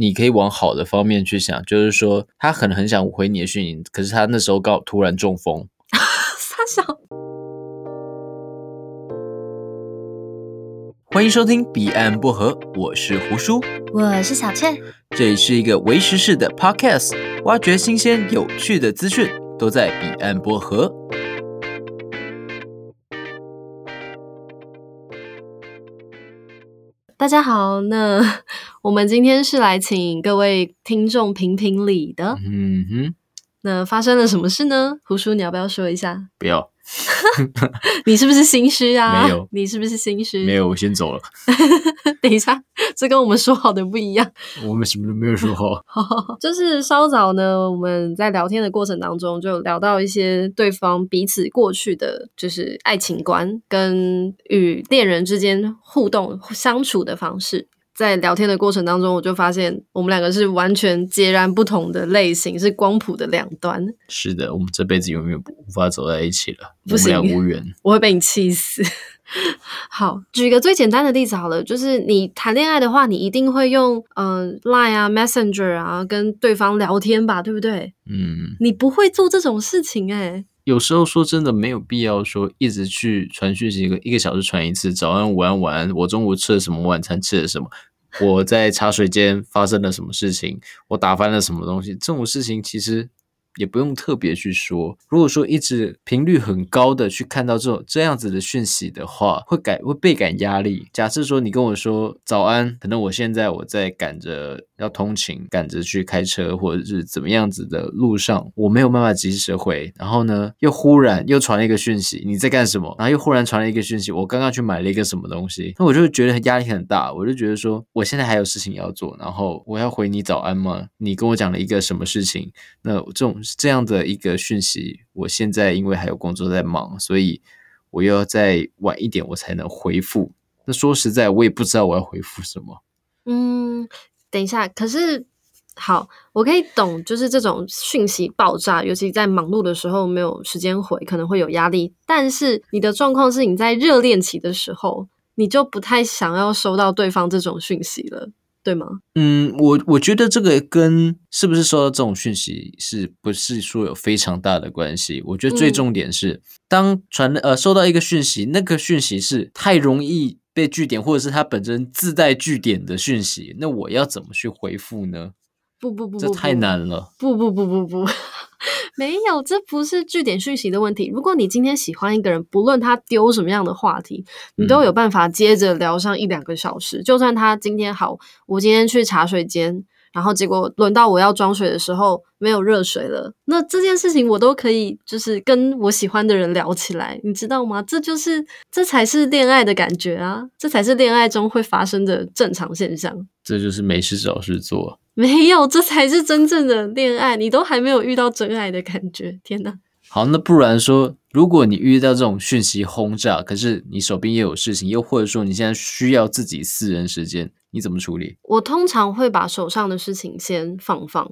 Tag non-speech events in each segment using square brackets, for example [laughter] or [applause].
你可以往好的方面去想，就是說他很很想回你的訊息，可是他那時候剛突然中風。 [laughs] 撒笑少。歡迎收聽《彼岸薄荷》，我是胡叔，我是小倩。這裡是一個為時事的 Podcast，挖掘新鮮有趣的資訊，都在《彼岸薄荷》。大家好，那。我們今天是來請各位聽眾評評理的。嗯哼，那發生了什麼事呢？胡叔，你要不要說一下？不要， [laughs] [laughs] 你是不是心虛啊？沒有，你是不是心虛？沒有，我先走了。 [laughs] 等一下，這跟我們說好的不一樣。我們什麼都沒有說好。好，就是稍早呢，我們在聊天的過程當中就聊到一些對方彼此過去的就是愛情觀，跟與戀人之間互動相處的方式。在聊天的過程當中，我就發現我們兩個是完全截然不同的類型，是光譜的兩端。是的，我們這輩子永遠無法走在一起了，無緣無緣。我會被你氣死。 [laughs] 好，舉個最簡單的例子好了，就是你談戀愛的話，你一定會用嗯、呃、Line 啊、Messenger 啊跟對方聊天吧，對不對？嗯，你不會做這種事情誒、欸。有時候說真的，沒有必要說一直去傳訊息，一個一個小時傳一次，早安、午安、晚安。我中午吃了什麼？晚餐吃了什麼？我在茶水間發生了什麼事情？我打翻了什麼東西？這種事情其實。也不用特別去說。如果說一直頻率很高的去看到這種這樣子的訊息的話，會感會倍感壓力。假設說你跟我說早安，可能我現在我在趕着要通勤，趕着去開車或者是怎麼樣子的路上，我沒有辦法及時回。然後呢，又忽然又傳了一個訊息，你在幹什麼？然後又忽然傳了一個訊息，我剛剛去買了一個什麼東西。那我就覺得壓力很大，我就覺得說我現在還有事情要做，然後我要回你早安嗎？你跟我講了一個什麼事情？那這種。是這樣的一個訊息，我現在因為還有工作在忙，所以我又要再晚一點，我才能回復。那說實在，我也不知道我要回復什麼。嗯，等一下，可是好，我可以懂，就是這種訊息爆炸，尤其在忙碌的時候沒有時間回，可能會有壓力。但是你的狀況是，你在熱戀期的時候，你就不太想要收到對方這種訊息了。對嗎？嗯，我我覺得這個跟是不是收到這種訊息，是不是說有非常大的關係？我覺得最重點是，當傳呃收到一個訊息，那個訊息是太容易被句點，或者是它本身自帶句點的訊息，那我要怎麼去回復呢？不不不，這太難了。不不不不不。沒有，這不是據點訊息的問題。如果你今天喜歡一個人，不論他丟什麼樣的話題，你都有辦法接着聊上一兩個小時。嗯、就算他今天好，我今天去茶水間，然後結果輪到我要裝水的時候，沒有熱水了，那這件事情我都可以就是跟我喜歡的人聊起來，你知道嗎？這就是這才是戀愛的感覺啊，這才是戀愛中會發生的正常現象。這就是沒事找事做，沒有，這才是真正的戀愛。你都還沒有遇到真愛的感覺，天哪！好，那不然說，如果你遇到這種訊息轟炸，可是你手邊也有事情，又或者說你現在需要自己私人時間，你怎麼處理？我通常會把手上的事情先放放，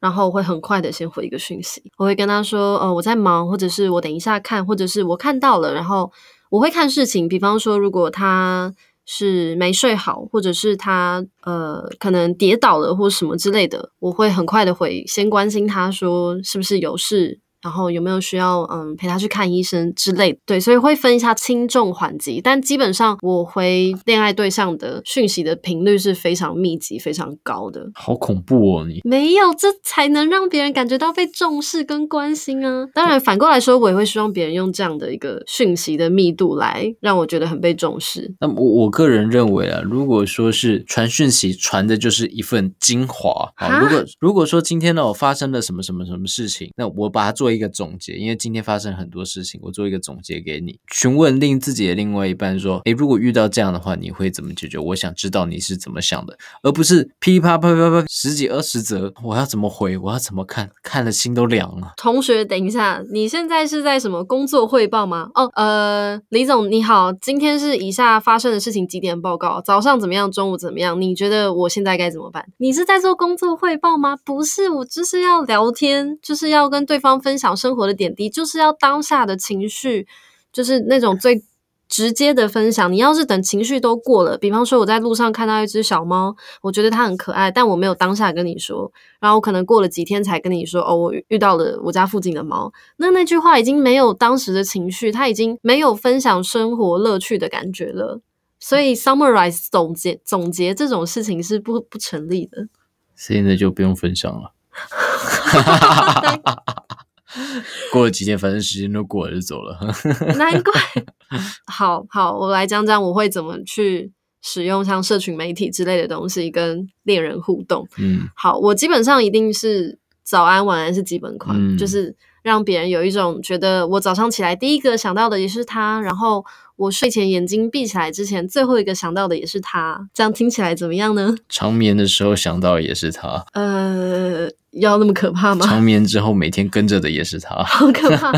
然後會很快的先回一個訊息。我會跟他說，呃，我在忙，或者是我等一下看，或者是我看到了，然後我會看事情。比方說，如果他。是沒睡好，或者是他呃，可能跌倒了或什麼之類的，我會很快的回，先關心他說是不是有事。然後有沒有需要嗯陪他去看醫生之類的？對，所以會分一下輕重緩急。但基本上我回戀愛對象的訊息的頻率是非常密集、非常高的。好恐怖哦你！你沒有這才能讓別人感覺到被重視跟關心啊。當然，反過來說，我也會希望別人用這樣的一個訊息的密度來讓我覺得很被重視。那麼我我個人認為啊，如果說是傳訊息傳的就是一份精華。啊、好，如果如果說今天呢我發生了什麼什麼什麼事情，那我把它做。一個總結，因為今天發生很多事情，我做一個總結給你。詢問令自己的另外一半說：“誒，如果遇到這樣的話，你會怎麼解決？”我想知道你是怎麼想的，而不是噼啪啪啪啪啪十幾二十則，我要怎麼回？我要怎麼看？看了心都涼了啊。同學，等一下，你現在是在什麼工作匯報嗎？哦，呃，李總你好，今天是以下發生的事情幾點報告？早上怎麼樣？中午怎麼樣？你覺得我現在該怎麼辦？你是在做工作匯報嗎？不是，我就是要聊天，就是要跟對方分。享生活的點滴，就是要當下的情緒，就是那種最直接的分享。你要是等情緒都過了，比方說我在路上看到一隻小貓，我覺得它很可愛，但我沒有當下跟你說，然後我可能過了幾天才跟你說哦，我遇到了我家附近的貓。那那句話已經沒有當時的情緒，它已經沒有分享生活樂趣的感覺了。所以 summarize 總結總結這種事情是不不成立的。現在就不用分享了。 [laughs] [laughs] [laughs] 過了幾天，反正時間都過了，就走了。 [laughs] 難怪。好好，我來講講我會怎麼去使用像社群媒體之類的東西跟戀人互動。嗯，好，我基本上一定是早安晚安是基本款，嗯、就是讓別人有一種覺得我早上起來第一個想到的也是他，然後我睡前眼睛閉起來之前最後一個想到的也是他，這樣聽起來怎麼樣呢？長眠的時候想到也是他。呃。要那麼可怕嗎？長眠之後，每天跟着的也是他， [laughs] 好可怕！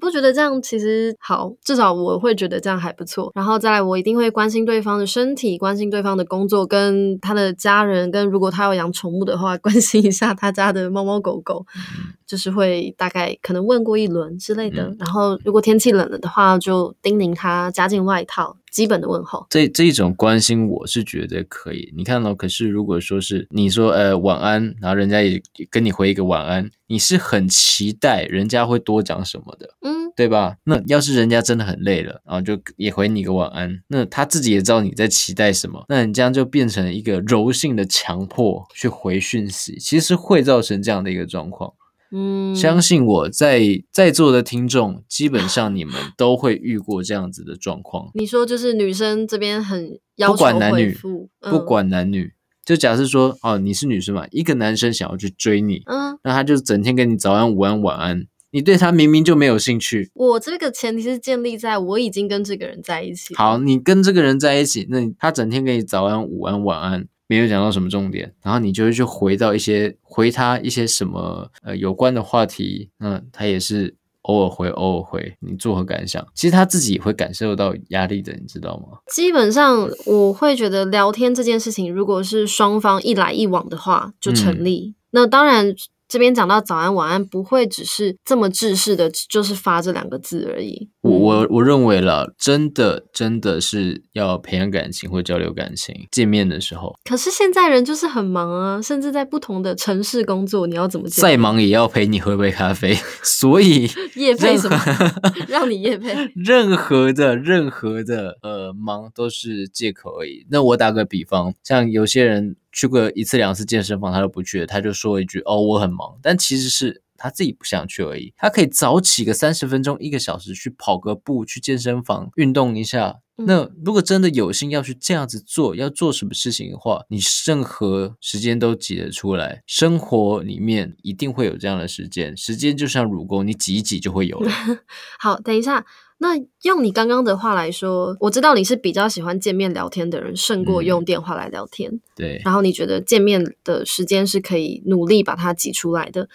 不覺得這樣其實好，至少我會覺得這樣還不錯。然後再來，我一定會關心對方的身體，關心對方的工作，跟他的家人，跟如果他要養寵物的話，關心一下他家的貓貓狗狗。嗯就是會大概可能問過一輪之類的，嗯、然後如果天氣冷了的話，就叮嚀他加件外套。基本的問候，這這一種關心我是覺得可以。你看了，可是如果說是你說呃晚安，然後人家也，也跟你回一個晚安，你是很期待人家會多講什麼的，嗯，對吧？那要是人家真的很累了，然後就也回你個晚安，那他自己也知道你在期待什麼，那你這樣就變成一個柔性的強迫去回訊息，其實會造成這樣的一個狀況。嗯，相信我在在座的聽眾，基本上你們都會遇過這樣子的狀況。你說就是女生這邊很要求不管男女，嗯、不管男女，就假設說哦，你是女生嘛，一個男生想要去追你，嗯，那他就整天跟你早安、午安、晚安，你對他明明就沒有興趣。我這個前提是建立在我已經跟這個人在一起。好，你跟這個人在一起，那你他整天給你早安、午安、晚安。沒有講到什麼重點，然後你就會去回到一些回他一些什麼呃有關的話題，嗯，他也是偶爾回偶爾回，你作何感想？其實他自己也會感受到壓力的，你知道嗎？基本上我會覺得聊天這件事情，如果是雙方一來一往的話，就成立。嗯、那當然。這邊講到早安晚安，不會只是這麼制式的，就是發這兩個字而已。我我我認為了，真的真的是要培養感情或交流感情，見面的時候。可是現在人就是很忙啊，甚至在不同的城市工作，你要怎麼再忙也要陪你喝杯咖啡，所以 [laughs] 業配什麼 [laughs] 讓你業配，任何的任何的呃忙都是借口而已。那我打個比方，像有些人。去過一次兩次健身房，他都不去了。他就說一句：“哦，我很忙。”但其實是他自己不想去而已。他可以早起個三十分鐘、一個小時去跑個步，去健身房運動一下。那如果真的有心要去這樣子做，要做什麼事情的話，你任何時間都擠得出來。生活裡面一定會有這樣的時間，時間就像乳溝你擠一擠，就會有了。 [laughs] 好，等一下。那用你剛剛的話來說，我知道你是比較喜歡見面聊天的人，勝過用電話來聊天。嗯、對，然後你覺得見面的時間是可以努力把它擠出來的，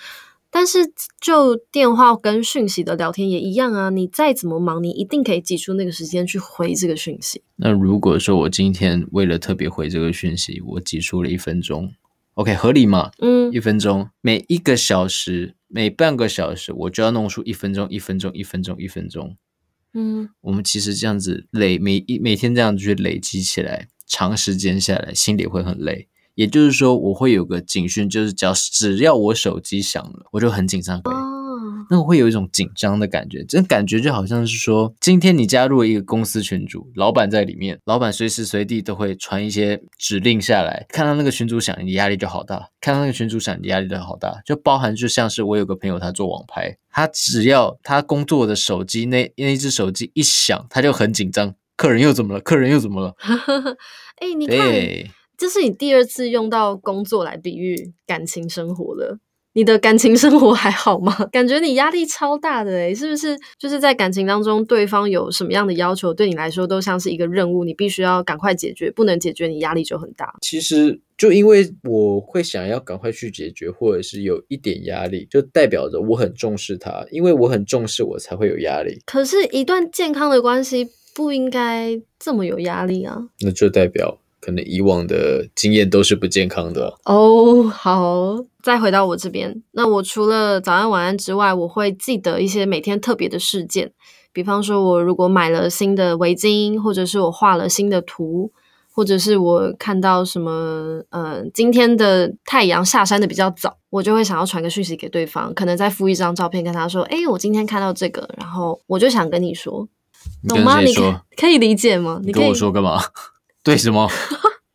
但是就電話跟訊息的聊天也一樣啊。你再怎麼忙，你一定可以擠出那個時間去回這個訊息。那如果說我今天為了特別回這個訊息，我擠出了一分鐘，OK，合理嗎？嗯，一分鐘，每一個小時，每半個小時，我就要弄出一分鐘，一分鐘，一分鐘，一分鐘。嗯， [noise] 我們其實這樣子累，每一、每天這樣子去累積起來，長時間下來，心裡會很累。也就是說，我會有個警訊，就是只要只要我手機響了，我就很緊張。那我會有一種緊張的感覺，這感覺就好像是說，今天你加入了一個公司群組，老闆在裡面，老闆隨時隨地都會傳一些指令下來，看到那個群組響，你的壓力就好大；看到那個群組響，你的壓力就好大。就包含就像是我有個朋友，他做網拍，他只要他工作的手機那那一只手機一響，他就很緊張。客人又怎麼了？客人又怎麼了？哎、 [laughs] 欸，你看，欸、這是你第二次用到工作來比喻感情生活了。你的感情生活還好嗎？感覺你壓力超大的欸，是不是？就是在感情當中，對方有什麼樣的要求，對你來說都像是一個任務，你必須要趕快解決，不能解決，你壓力就很大。其實就因為我會想要趕快去解決，或者是有一點壓力，就代表着我很重視他，因為我很重視，我才會有壓力。可是，一段健康的關係不應該這麼有壓力啊！那就代表……可能以往的經驗都是不健康的哦、啊。Oh, 好，再回到我這邊，那我除了早安晚安之外，我會記得一些每天特別的事件，比方說，我如果買了新的圍巾，或者是我畫了新的圖，或者是我看到什麼，嗯、呃，今天的太陽下山的比較早，我就會想要傳個訊息給對方，可能再附一張照片，跟他說，誒、欸，我今天看到這個，然後我就想跟你說。你跟誰說？懂嗎？你可，可以理解嗎？你跟我說幹嘛？為什麼？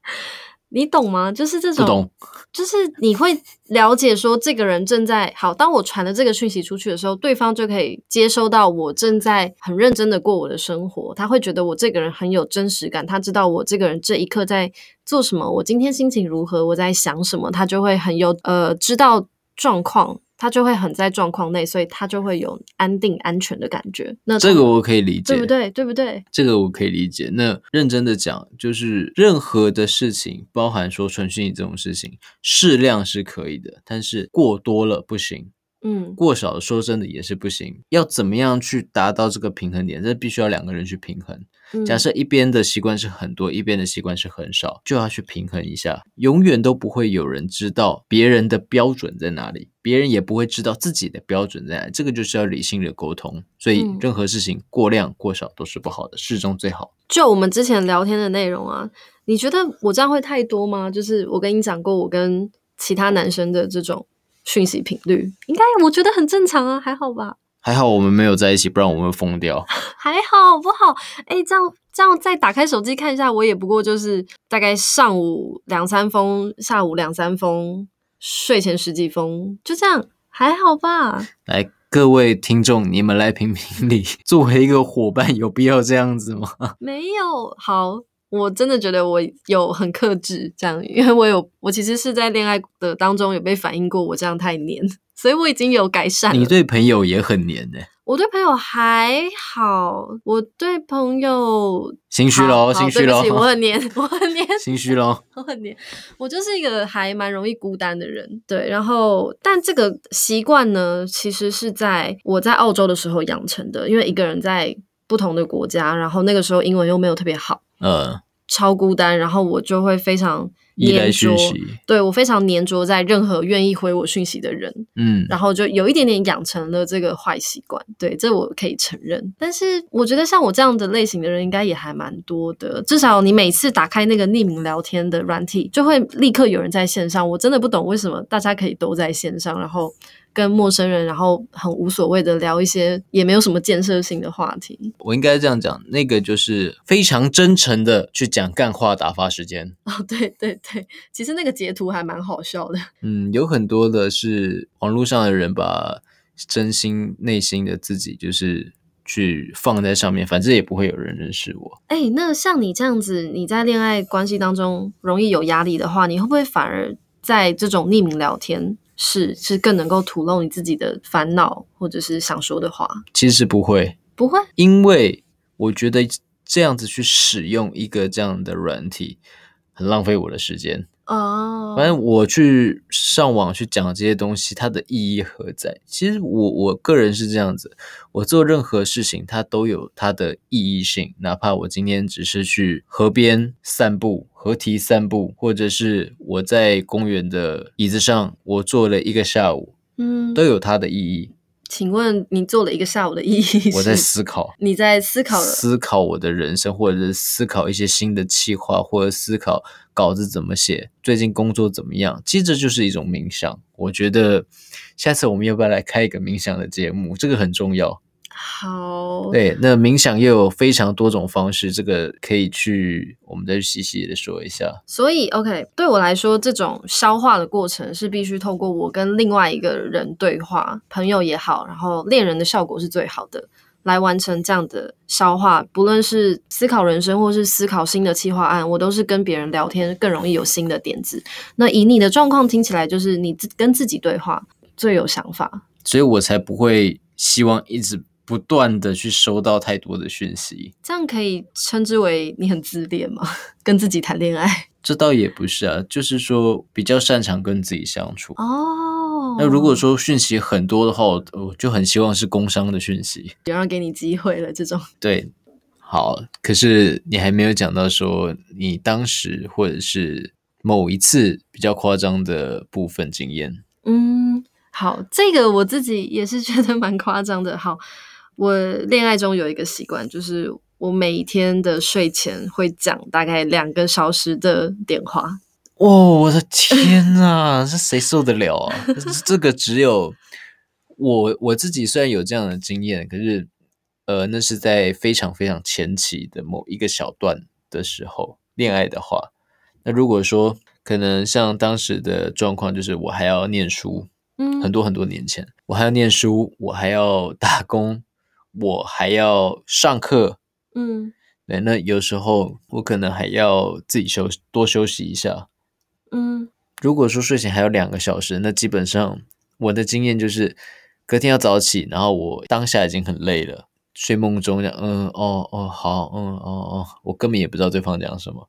[laughs] 你懂嗎？就是這種，懂就是你會了解說，這個人正在好。當我傳的這個訊息出去的時候，對方就可以接收到我正在很認真的過我的生活。他會覺得我這個人很有真實感，他知道我這個人這一刻在做什麼，我今天心情如何，我在想什麼，他就會很有呃知道狀況。他就會很在狀況內，所以他就會有安定安全的感覺。那這個我可以理解，對不對？對不對？這個我可以理解。那認真的講，就是任何的事情，包含說純虛擬這種事情，適量是可以的，但是過多了不行。嗯，過少說真的也是不行，要怎麼樣去達到這個平衡點？這必須要兩個人去平衡。假設一邊的習慣是很多，一邊的習慣是很少，就要去平衡一下。永遠都不會有人知道別人的標準在哪裡，別人也不會知道自己的標準在哪裡。這個就是要理性的溝通。所以任何事情過量、過少都是不好的，適中最好。就我們之前聊天的內容啊，你覺得我這樣會太多嗎？就是我跟你講過，我跟其他男生的這種。訊息頻率應該我覺得很正常啊，還好吧？還好我們沒有在一起，不然我們會瘋掉。還好不好？哎、欸，這樣這樣再打開手機看一下，我也不過就是大概上午兩三封，下午兩三封，睡前十幾封，就這樣，還好吧？來，各位聽眾，你們來評評理， [laughs] 作為一個夥伴，有必要這樣子嗎？沒有，好。我真的覺得我有很克制這樣，因為我有，我其實是在戀愛的當中有被反映過我這樣太黏，所以我已經有改善。你對朋友也很黏呢、欸？我對朋友還好，我對朋友，心虛咯，心虛咯。我很黏，我很黏，心虛咯，我很黏，我就是一個還蠻容易孤單的人。對，然後但這個習慣呢，其實是在我在澳洲的時候養成的，因為一個人在不同的國家，然後那個時候英文又沒有特別好，嗯、呃。超孤單，然後我就會非常黏着，訊息，對，我非常黏着在任何願意回我訊息的人，嗯，然後就有一點點養成了這個壞習慣，對，這我可以承認。但是我覺得像我這樣的類型的人，應該也還蠻多的。至少你每次打開那個匿名聊天的軟體，就會立刻有人在線上。我真的不懂為什麼大家可以都在線上，然後。跟陌生人，然後很無所謂的聊一些也沒有什麼建設性的話題。我應該這樣講，那個就是非常真誠的去講幹話打發時間。哦，對對對，其實那個截圖還蠻好笑的。嗯，有很多的是網絡上的人把真心內心的自己就是去放在上面，反正也不會有人認識我。誒，那像你這樣子，你在戀愛關係當中容易有壓力的話，你會不會反而在這種匿名聊天？是，是更能夠吐露你自己的煩惱，或者是想說的話。其實不會，不會，因為我覺得這樣子去使用一個這樣的軟體，很浪費我的時間。哦，oh. 反正我去上網去講這些東西，它的意義何在？其實我我個人是這樣子，我做任何事情它都有它的意義性，哪怕我今天只是去河邊散步、河堤散步，或者是我在公園的椅子上我坐了一個下午，嗯，mm. 都有它的意義。請問你做了一個下午的意義？我在思考，你在思考，思考我的人生，或者是思考一些新的計劃，或者思考稿子怎麼寫，最近工作怎麼樣？其實這就是一種冥想。我覺得下次我們要不要來開一個冥想的節目？這個很重要。好，對，那冥想又有非常多種方式，這個可以去，我們再細細的說一下。所以，OK，對我來說，這種消化的過程是必須透過我跟另外一個人對話，朋友也好，然後戀人的效果是最好的，來完成這樣的消化。不論是思考人生，或是思考新的企劃案，我都是跟別人聊天更容易有新的點子。那以你的狀況聽起來，就是你自跟自己對話最有想法，所以我才不會希望一直。不斷地去收到太多的訊息，這樣可以稱之為你很自戀嗎？跟自己談戀愛？這倒也不是啊，就是說比較擅長跟自己相處。哦，那如果說訊息很多的話，我就很希望是工商的訊息，有人給你機會了這種。對，好，可是你還沒有講到說你當時或者是某一次比較誇張的部分經驗。嗯，好，這個我自己也是覺得蠻誇張的。好。我戀愛中有一個習慣，就是我每一天的睡前會講大概兩個小時的電話。哦，我的天吶 [laughs] 這誰受得了啊？這個只有我我自己雖然有這樣的經驗，可是呃，那是在非常非常前期的某一個小段的時候，戀愛的話，那如果說可能像當時的狀況，就是我還要念書，嗯，很多很多年前我還要念書，我還要打工。我還要上課，嗯，那有時候我可能還要自己休多休息一下，嗯，如果說睡前還有兩個小時，那基本上我的經驗就是隔天要早起，然後我當下已經很累了，睡夢中嗯，哦哦，好，嗯，哦哦，我根本也不知道對方講什麼，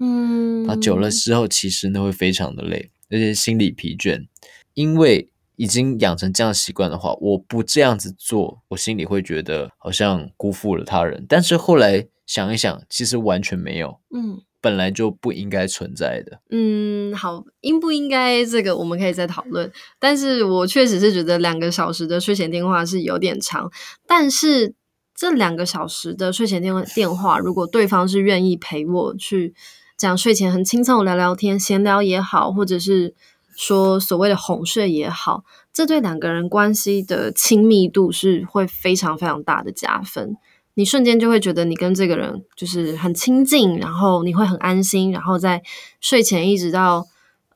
嗯，那久了之後，其實那會非常的累，而且心理疲倦，因為。已經養成這樣的習慣的話，我不這樣子做，我心裡會覺得好像辜負了他人。但是後來想一想，其實完全沒有，嗯，本來就不應該存在的。嗯，好，應不應該這個我們可以再討論。但是我確實是覺得兩個小時的睡前電話是有點長，但是這兩個小時的睡前電話電話，如果對方是願意陪我去講睡前很輕鬆聊聊天、閒聊也好，或者是。說所謂的哄睡也好，這對兩個人關係的親密度是會非常非常大的加分。你瞬間就會覺得你跟這個人就是很親近，然後你會很安心，然後在睡前一直到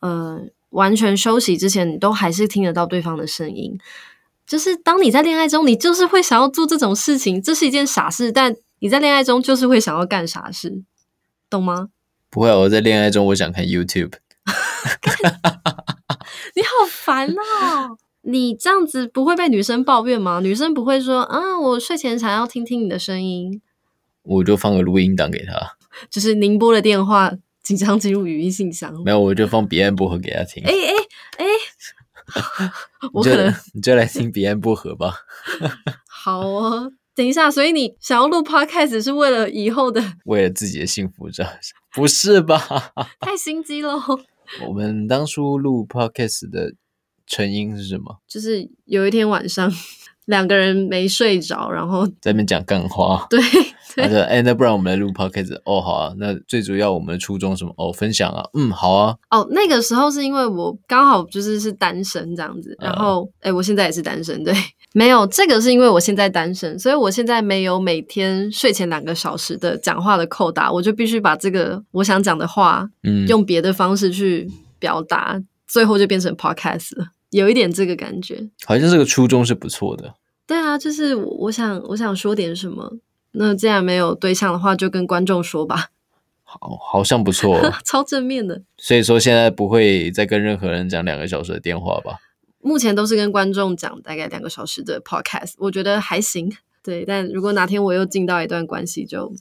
呃完全休息之前，你都還是聽得到對方的聲音。就是當你在戀愛中，你就是會想要做這種事情，這是一件傻事，但你在戀愛中就是會想要幹傻事，懂嗎？不會，我在戀愛中我想看 YouTube。 [laughs] 你好煩哦、啊！你這樣子不會被女生抱怨嗎？女生不會說啊，我睡前才要聽聽你的聲音，我就放個錄音檔給她。就是您撥的電話，即將進入語音信箱。沒有，我就放彼岸薄荷給她聽。哎哎哎，欸、 [laughs] 就我可能你就來聽彼岸薄荷吧。 [laughs] 好哦，等一下，所以你想要錄 Podcast 是為了以後的，為了自己的幸福這樣？不是吧？ [laughs] 太心機了。我們當初錄 podcast 的成因是什麼？就是有一天晚上，兩個人沒睡着，然後在那邊講幹話。對。哎、啊欸，那不然我們來錄 podcast 哦，好啊。那最主要我們的初衷是什麼？哦，分享啊，嗯，好啊。哦，oh, 那個時候是因為我剛好就是是單身這樣子，然後哎、uh. 欸，我現在也是單身，對，沒有這個是因為我現在單身，所以我現在沒有每天睡前兩個小時的講話的扣打，我就必須把這個我想講的話，嗯，用別的方式去表達，嗯，最後就變成 podcast 了，有一點這個感覺，好像這個初衷是不錯的。對啊，就是我想我想說點什麼。那既然沒有對象的話，就跟觀眾說吧。好，好像不錯， [laughs] 超正面的。所以說現在不會再跟任何人講兩個小時的電話吧？目前都是跟觀眾講大概兩個小時的 podcast，我覺得還行。對，但如果哪天我又進到一段關係就，就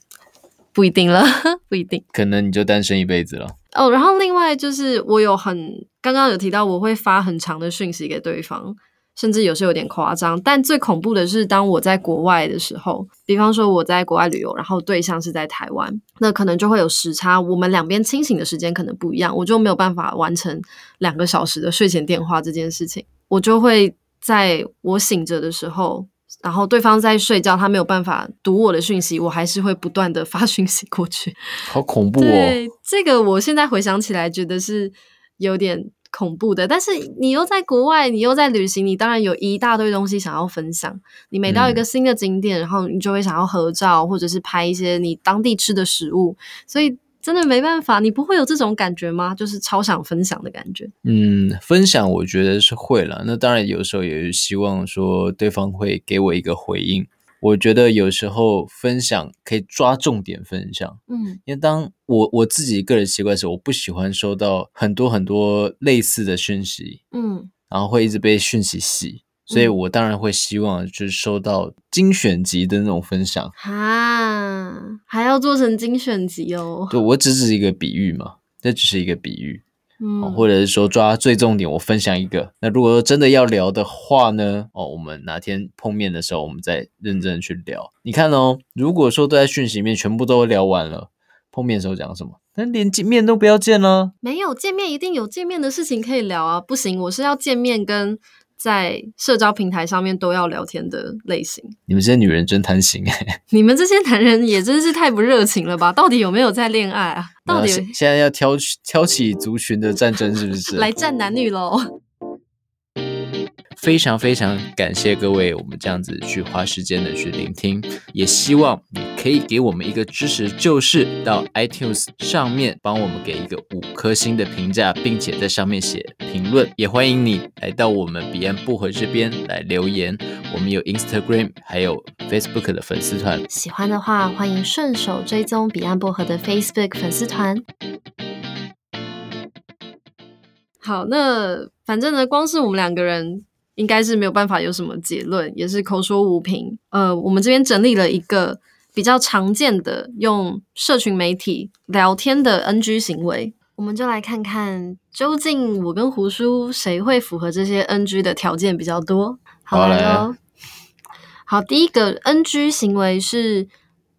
不一定了，不一定。可能你就單身一輩子了。哦，然後另外就是我有很剛剛有提到，我會發很長的訊息給對方。甚至有時候有點誇張，但最恐怖的是，當我在國外的時候，比方說我在國外旅遊，然後對象是在台灣，那可能就會有時差，我們兩邊清醒的時間可能不一樣，我就沒有辦法完成兩個小時的睡前電話這件事情，我就會在我醒着的時候，然後對方在睡覺，他沒有辦法讀我的訊息，我還是會不斷的發訊息過去，好恐怖哦！對，這個我現在回想起來，覺得是有點。恐怖的，但是你又在國外，你又在旅行，你當然有一大堆東西想要分享。你每到一個新的景點，嗯、然後你就會想要合照，或者是拍一些你當地吃的食物。所以真的沒辦法，你不會有這種感覺嗎？就是超想分享的感覺。嗯，分享我覺得是會了。那當然有時候也希望說對方會給我一個回應。我覺得有時候分享可以抓重點分享，嗯，因為當我我自己個人習慣是，我不喜歡收到很多很多類似的訊息，嗯，然後會一直被訊息洗，所以我當然會希望就是收到精選集的那種分享、嗯、啊，還要做成精選集哦，對，我只是一個比喻嘛，那只是一個比喻。嗯，或者是說抓最重點，我分享一個。那如果說真的要聊的話呢，哦，我們哪天碰面的時候，我們再認真去聊。你看哦，如果說都在訊息裡面，全部都聊完了，碰面的時候講什麼？那連見面都不要見了啊？沒有見面，一定有見面的事情可以聊啊。不行，我是要見面跟。在社交平台上面都要聊天的類型，你們這些女人真貪心哎！你們這些男人也真是太不熱情了吧？到底有沒有在戀愛啊？到底、啊、現在要挑、挑起族群的戰爭是不是？ [laughs] 來戰男女嘍！ [laughs] 非常非常感謝各位，我們這樣子去花時間的去聆聽，也希望你可以給我們一個支持，就是到 iTunes 上面幫我們給一個五顆星的評價，並且在上面寫評論。也歡迎你來到我們彼岸薄荷這邊來留言，我們有 Instagram 還有 Facebook 的粉絲團，喜歡的話歡迎順手追蹤彼岸薄荷的 Facebook 粉絲團。好，那反正呢，光是我們兩個人。應該是沒有辦法有什麼結論，也是口說無憑。呃，我們這邊整理了一個比較常見的用社群媒體聊天的 NG 行為，我們就來看看究竟我跟胡叔誰會符合這些 NG 的條件比較多。好，來喔，好，第一個 NG 行為是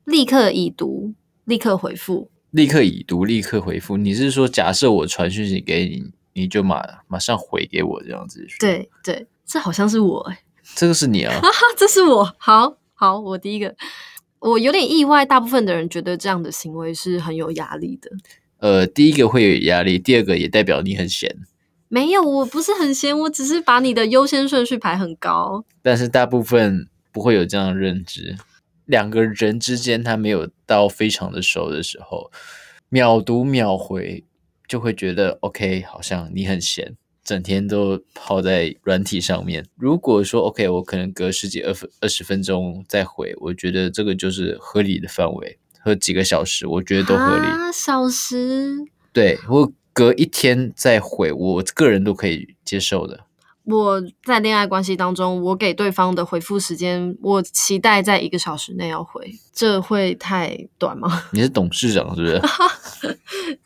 立刻已讀，立刻回復，立刻已讀，立刻回復。你是說，假設我傳訊息給你，你就馬馬上回給我這樣子說？對對。這好像是我，欸，這個是你啊，哦， [laughs] 這是我。好，好，我第一個。我有點意外，大部分的人覺得這樣的行為是很有壓力的。呃，第一個會有壓力，第二個也代表你很閒。沒有，我不是很閒，我只是把你的優先順序排很高。但是大部分不會有這樣的認知。兩個人之間，他沒有到非常的熟的時候，秒讀秒回，就會覺得 OK，好像你很閒。整天都泡在軟體上面。如果說 OK，我可能隔十幾二、二分、二十分鐘再回，我覺得這個就是合理的範圍。和幾個小時，我覺得都合理。八小時？對，我隔一天再回，我個人都可以接受的。我在戀愛關係當中，我給對方的回復時間，我期待在一個小時內要回，這會太短嗎？你是董事長是不是？ [laughs]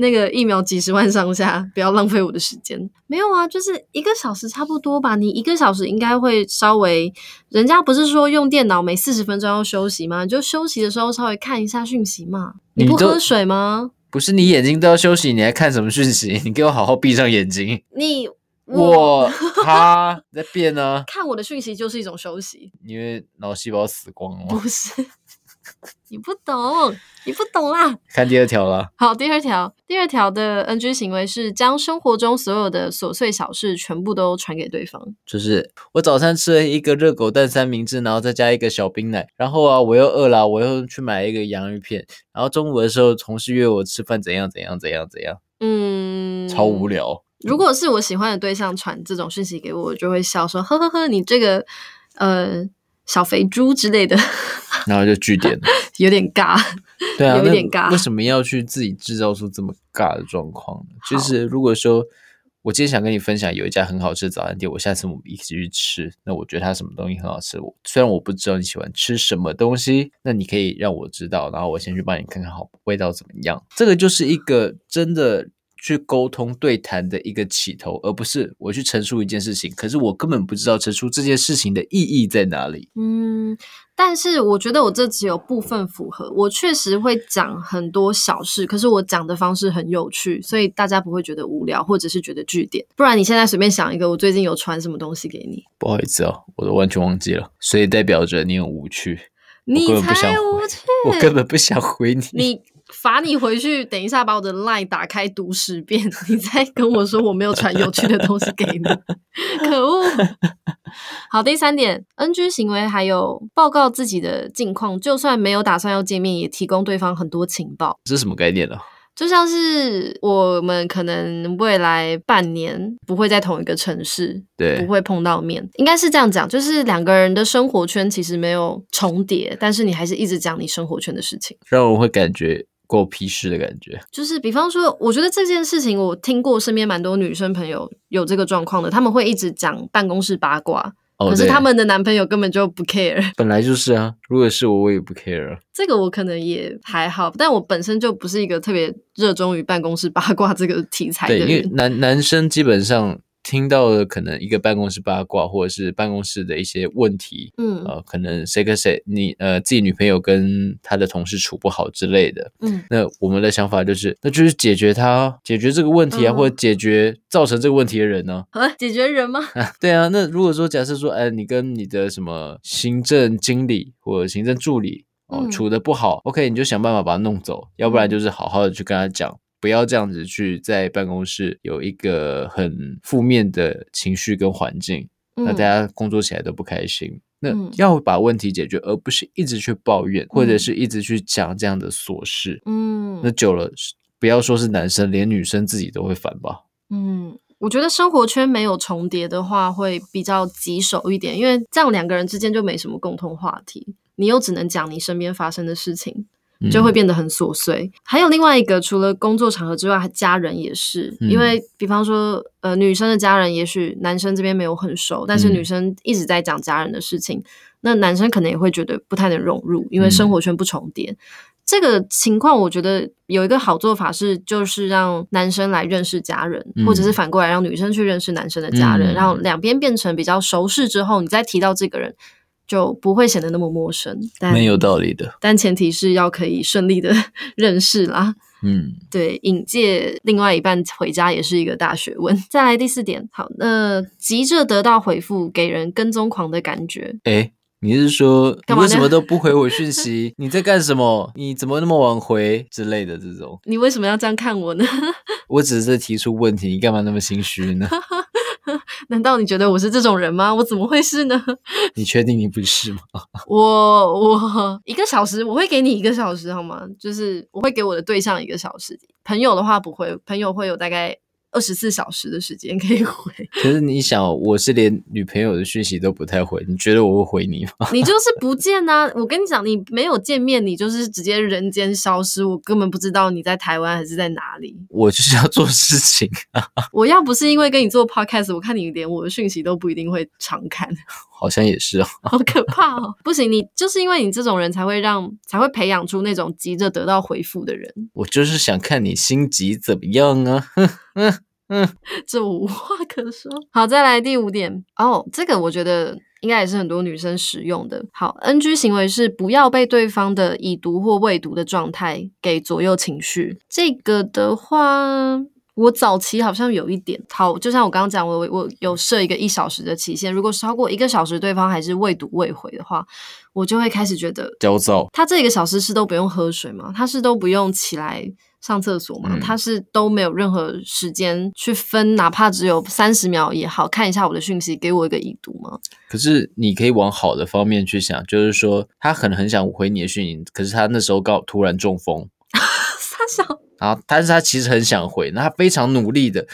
那個一秒幾十萬上下，不要浪費我的時間。沒有啊，就是一個小時差不多吧。你一個小時應該會稍微，人家不是說用電腦每四十分鐘要休息嗎？你就休息的時候稍微看一下訊息嘛。你不喝水嗎？不是，你眼睛都要休息，你還看什麼訊息？你給我好好閉上眼睛。你我他在變呢、啊。 [laughs] 看我的訊息就是一種休息，因為腦細胞死光了。不是。你不懂，你不懂啦。 [laughs] 看第二條了。好，第二條，第二條的 NG 行為是將生活中所有的瑣碎小事全部都傳給對方。就是我早餐吃了一個熱狗蛋三明治，然後再加一個小冰奶。然後啊，我又餓了，我又去買一個洋芋片。然後中午的時候，同事約我吃飯，怎樣怎樣怎樣怎樣。嗯，超無聊。如果是我喜歡的對象傳這種訊息給我，我就會笑說：呵呵呵，你這個，嗯、呃小肥豬之類的， [laughs] 然後就句點，有點尬，對啊，有點尬。為什麼要去自己制造出這麼尬的狀況呢？就是如果說我今天想跟你分享有一家很好吃的早餐店，我下次我們一起去吃，那我覺得它什麼東西很好吃。我雖然我不知道你喜歡吃什麼東西，那你可以讓我知道，然後我先去幫你看看好味道怎麼樣。這個就是一個真的。去溝通對談的一個起頭，而不是我去陳述一件事情。可是我根本不知道陳述這件事情的意義在哪裡。嗯，但是我覺得我這只有部分符合。我確實會講很多小事，可是我講的方式很有趣，所以大家不會覺得無聊，或者是覺得句點。不然你現在隨便想一個，我最近有傳什麼東西給你？不好意思哦，我都完全忘記了，所以代表着你很無趣。你才無趣，我我根本不想回你。你罰你回去，等一下把我的 line 打開讀十遍，你再跟我說我沒有傳有趣的東西給你， [laughs] 可惡。好，第三點，NG 行為還有報告自己的近況，就算沒有打算要見面，也提供對方很多情報。這是什麼概念呢、啊？就像是我們可能未來半年不會在同一個城市，對，不會碰到面，對應該是這樣講，就是兩個人的生活圈其實沒有重疊，但是你還是一直講你生活圈的事情，讓我會感覺。過批示的感覺，就是比方說，我覺得這件事情，我聽過身邊蠻多女生朋友有這個狀況的，他們會一直講辦公室八卦，哦、可是他們的男朋友根本就不 care。本來就是啊，如果是我，我也不 care。這個我可能也還好，但我本身就不是一個特別熱衷於辦公室八卦這個題材的人。對，因為男男生基本上。聽到的可能一個辦公室八卦，或者是辦公室的一些問題，嗯，啊、呃，可能誰跟誰，你呃自己女朋友跟她的同事處不好之類的，嗯，那我們的想法就是，那就是解決他、哦，解決這個問題啊，嗯、或者解決造成這個問題的人呢、哦？啊，解決人嗎、啊？對啊，那如果說假設說，哎，你跟你的什麼行政經理或者行政助理哦處得不好、嗯、OK，你就想辦法把他弄走，要不然就是好好的去跟他講。嗯不要這樣子去在辦公室有一個很負面的情緒跟環境，嗯、那大家工作起來都不開心。嗯、那要把問題解決，而不是一直去抱怨，或者是一直去講這樣的瑣事。嗯，那久了，不要說是男生，連女生自己都會煩吧。嗯，我覺得生活圈沒有重疊的話，會比較棘手一點，因為這樣兩個人之間就沒什麼共同話題，你又只能講你身邊發生的事情。就會變得很瑣碎。嗯、還有另外一個，除了工作場合之外，他家人也是。嗯、因為，比方說，呃，女生的家人，也許男生這邊沒有很熟，但是女生一直在講家人的事情，嗯、那男生可能也會覺得不太能融入，因為生活圈不重疊。嗯、這個情況，我覺得有一個好做法是，就是讓男生來認識家人，嗯、或者是反過來讓女生去認識男生的家人，然後兩邊變成比較熟識之後，你再提到這個人。就不會顯得那麼陌生，但沒有道理的。但前提是要可以順利的認識啦。嗯，對，引介另外一半回家也是一個大學問。再來第四點，好，那急着得到回復，給人跟蹤狂的感覺。誒、欸，你是說你為什麼都不回我訊息？ [laughs] 你在幹什麼？你怎麼那麼晚回之類的這種？你為什麼要這樣看我呢？ [laughs] 我只是提出問題，你幹嘛那麼心虛呢？ [laughs] 難道你覺得我是這種人嗎？我怎麼會是呢？你確定你不是嗎？ [laughs] 我我一個小時，我會給你一個小時好嗎？就是我會給我的對象一個小時，朋友的話不會，朋友會有大概。二十四小時的時間可以回，可是你想，我是連女朋友的訊息都不太回，你覺得我會回你嗎？你就是不見吶、啊！我跟你講，你沒有見面，你就是直接人間消失，我根本不知道你在台灣還是在哪裡。我就是要做事情、啊。我要不是因為跟你做 podcast，我看你連我的訊息都不一定會常看。好像也是哦。好可怕哦！ [laughs] 不行，你就是因為你這種人才會讓才會培養出那種急着得到回復的人。我就是想看你心急怎麼樣啊！嗯嗯，嗯這無話可說。好，再來第五點哦，oh, 這個我覺得應該也是很多女生使用的。好，NG 行為是不要被對方的已讀或未讀的狀態給左右情緒。這個的話，我早期好像有一點好，就像我剛剛講，我有我有設一個一小時的期限，如果超過一個小時，對方還是未讀未回的話，我就會開始覺得焦躁。他這個小時是都不用喝水嗎？他是都不用起來？上廁所嘛，他是都沒有任何時間去分，嗯、哪怕只有三十秒也好看一下我的訊息，給我一個已讀嗎？可是你可以往好的方面去想，就是說他很很想回你的訊息，可是他那時候告突然中風，他想 [laughs] 然後但是他其實很想回，那他非常努力的。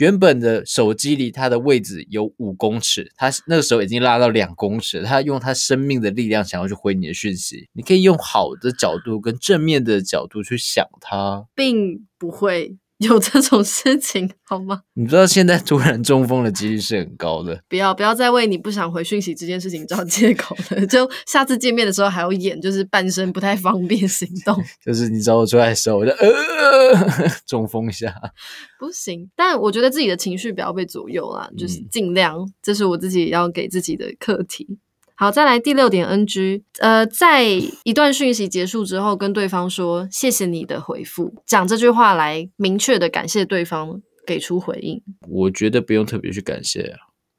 原本的手機離他的位置有五公尺，他那個時候已經拉到兩公尺，他用他生命的力量想要去回你的訊息。你可以用好的角度跟正面的角度去想他。並不會。有這種事情好嗎？你知道現在突然中風的幾率是很高的。 [laughs] 不要不要再為你不想回訊息這件事情找借口了。 [laughs] 就下次見面的時候還要演就是半身不太方便行動， [laughs] 就是你找我出來的時候我就呃、啊、 [laughs] 中風一下， [laughs] 不行。但我覺得自己的情緒不要被左右啊，就是盡量，嗯、這是我自己要給自己的課題。好，再來第六點，NG，呃，在一段訊息結束之後，跟對方說謝謝你的回復，講這句話來明確的感謝對方給出回應。我覺得不用特別去感謝啊，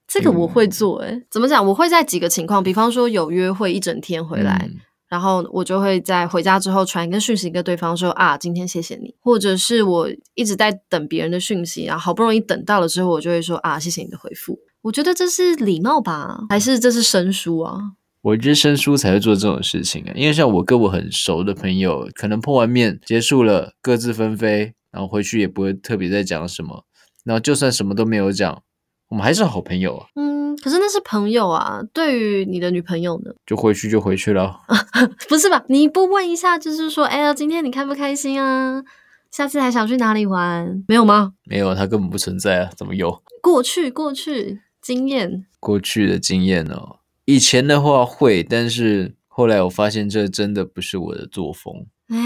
這個我會做、欸，誒、嗯。怎麼講？我會在幾個情況，比方說有約會一整天回來，嗯、然後我就會在回家之後傳一個訊息給對方說啊，今天謝謝你，或者是我一直在等別人的訊息，然後好不容易等到了之後，我就會說啊，謝謝你的回復。我覺得這是禮貌吧，還是這是生疏啊？我覺得生疏才會做這種事情啊、欸。因為像我跟我很熟的朋友，可能碰完面結束了，各自紛飛，然後回去也不會特別再講什麼。然後就算什麼都沒有講，我們還是好朋友啊。嗯，可是那是朋友啊。對於你的女朋友呢？就回去就回去了， [laughs] 不是吧？你不問一下，就是說，哎、欸、呀，今天你開不開心啊？下次還想去哪裡玩？沒有嗎？沒有，它根本不存在啊。怎麼有？過去，過去。經驗，過去的經驗哦。以前的話會，但是後來我發現這真的不是我的作風。哎、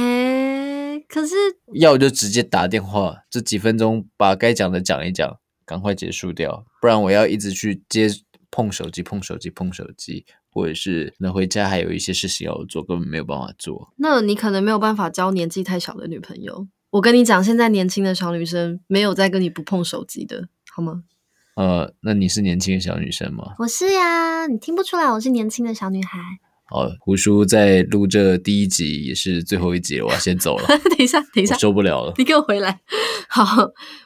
欸，可是要我就直接打電話，這幾分鐘把該講的講一講，趕快結束掉，不然我要一直去接碰手機、碰手機、碰手機，或者是能回家還有一些事情要做，根本沒有辦法做。那你可能沒有辦法交年紀太小的女朋友。我跟你講，現在年輕的小女生沒有再跟你不碰手機的，好嗎？呃，那你是年輕的小女生嗎？我是呀，你聽不出來我是年輕的小女孩？好，胡叔在錄這第一集也是最後一集了，我要先走了。 [laughs] 等一下，等一下，我受不了了，你給我回來。好，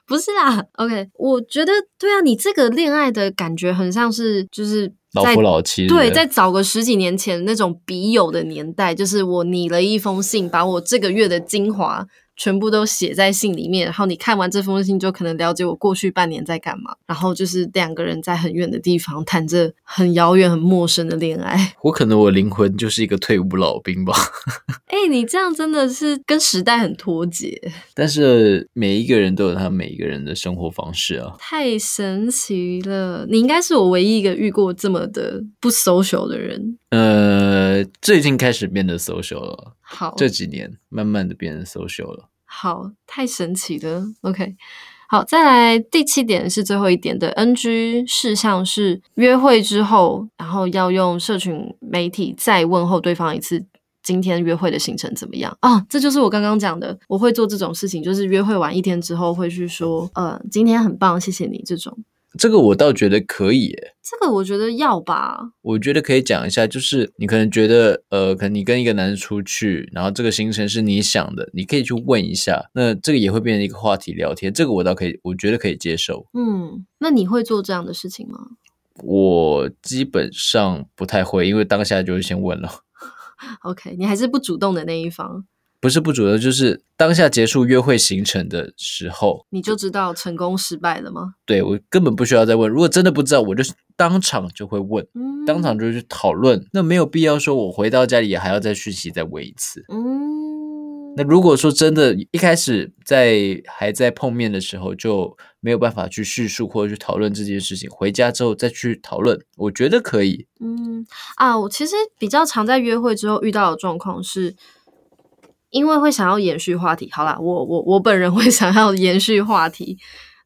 不是啊，OK，我覺得對啊，你這個戀愛的感覺很像是就是老夫老妻是不是，對，在找個十幾年前那種筆友的年代，就是我擬了一封信，把我這個月的精華。全部都寫在信裡面，然後你看完這封信，就可能了解我過去半年在幹嘛。然後就是兩個人在很遠的地方談着很遙遠、很陌生的戀愛。我可能我靈魂就是一個退伍老兵吧。哎 [laughs] 、欸，你這樣真的是跟時代很脫節。但是每一個人都有他每一個人的生活方式啊。太神奇了，你應該是我唯一一個遇過這麼的不 social 的人。呃，最近開始變得 social 了。好，這幾年慢慢的變得 social 了。好，太神奇了。OK，好，再來第七點是最後一點的 NG 事項是約會之後，然後要用社群媒體再問候對方一次，今天約會的行程怎麼樣啊？這就是我剛剛講的，我會做這種事情，就是約會完一天之後會去說，呃，今天很棒，謝謝你這種。這個我倒覺得可以、欸，這個我覺得要吧，我覺得可以講一下，就是你可能覺得，呃，可能你跟一個男生出去，然後這個行程是你想的，你可以去問一下，那這個也會變成一個話題聊天，這個我倒可以，我覺得可以接受。嗯，那你會做這樣的事情嗎？我基本上不太會，因為當下就是先問了。 [laughs] OK，你還是不主動的那一方。不是不主動，就是當下結束約會行程的時候，你就知道成功失敗了嗎？對，我根本不需要再問。如果真的不知道，我就當場就會問，嗯、當場就去討論。那沒有必要說我回到家裡也還要再敘述再問一次。嗯，那如果說真的一開始在還在碰面的時候就沒有辦法去敘述或者去討論這件事情，回家之後再去討論，我覺得可以。嗯啊，我其實比較常在約會之後遇到的狀況是因為會想要延續話題，好啦，我我我本人會想要延續話題。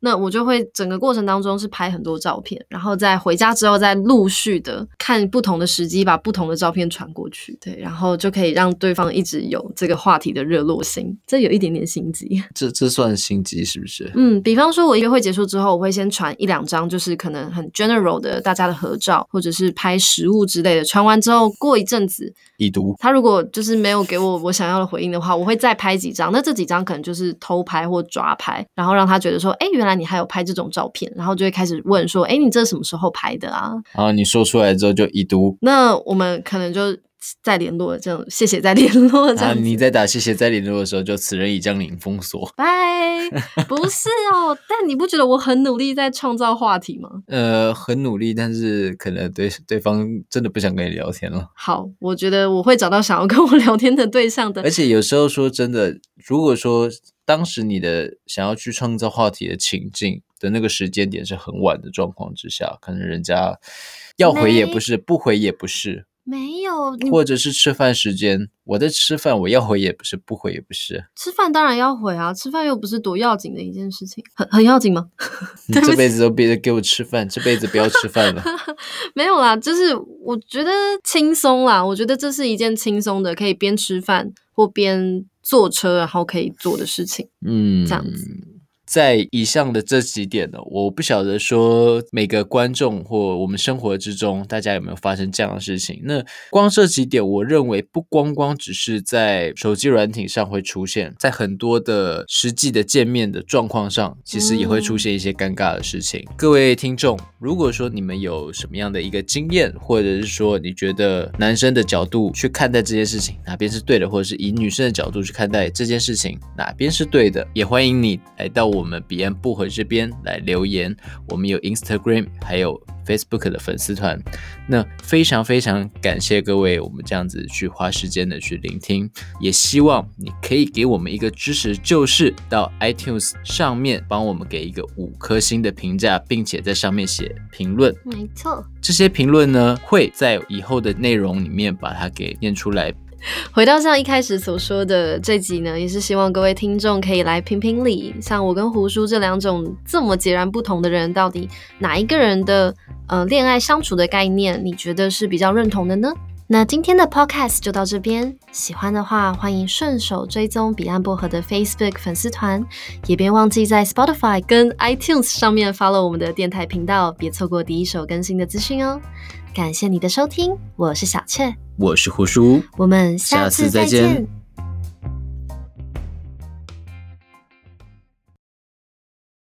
那我就會整個過程當中是拍很多照片，然後在回家之後再陸續的看不同的時機，把不同的照片傳過去，對，然後就可以讓對方一直有這個話題的熱絡心。這有一點點心機，這這算心機是不是？嗯，比方說我約會結束之後，我會先傳一兩張，就是可能很 general 的大家的合照，或者是拍實物之類的。傳完之後過一陣子，已讀。他如果就是沒有給我我想要的回應的話，我會再拍幾張，那這幾張可能就是偷拍或抓拍，然後讓他覺得說，哎，原來。你還有拍這種照片，然後就會開始問說：“哎、欸，你這什麼時候拍的啊？”然後你說出來之後就已讀。那我們可能就。再聯絡這樣，這樣謝謝再聯絡。啊。你在打謝謝再聯絡的時候，就此人已將你封鎖。拜，不是哦， [laughs] 但你不覺得我很努力在創造話題嗎？呃，很努力，但是可能對對方真的不想跟你聊天了。好，我覺得我會找到想要跟我聊天的對象的。而且有時候說真的，如果說當時你的想要去創造話題的情境的那個時間點是很晚的狀況之下，可能人家要回也不是，不回也不是。沒有，或者是吃飯時間，我在吃飯，我要回也不是，不回也不是。吃飯當然要回啊，吃飯又不是多要緊的一件事情，很很要緊嗎？你這輩子都別給我吃飯， [laughs] 這輩子不要吃飯了。 [laughs] 沒有啦，就是我覺得輕鬆啦，我覺得這是一件輕鬆的，可以邊吃飯或邊坐車，然後可以做的事情。嗯，這樣子。在以上的這幾點呢，我不曉得說每個觀眾或我們生活之中，大家有沒有發生這樣的事情？那光這幾點，我認為不光光只是在手機軟體上會出現，在很多的實際的見面的狀況上，其實也會出現一些尷尬的事情。嗯、各位聽眾，如果說你們有什麼樣的一個經驗，或者是說你覺得男生的角度去看待這件事情，哪邊是對的，或者是以女生的角度去看待這件事情，哪邊是對的，也歡迎你來到我，我們彼岸薄荷這邊來留言，我們有 Instagram，還有 Facebook 的粉絲團。那非常非常感謝各位，我們這樣子去花時間的去聆聽，也希望你可以給我們一個支持，就是到 iTunes 上面幫我們給一個五顆星的評價，並且在上面寫評論。沒錯，這些評論呢，會在以後的內容裡面把它給念出來。回到像一開始所說的這集呢，也是希望各位聽眾可以來評評理。像我跟胡叔這兩種這麼截然不同的人，到底哪一個人的呃戀愛相處的概念，你覺得是比較認同的呢？那今天的 Podcast 就到這邊，喜歡的話歡迎順手追蹤彼岸薄荷的 Facebook 粉絲團，也別忘記在 Spotify 跟 iTunes 上面 follow 我們的電台頻道，別錯過第一手更新的資訊哦。感謝你的收聽，我是小倩，我是胡叔，我們下次再見。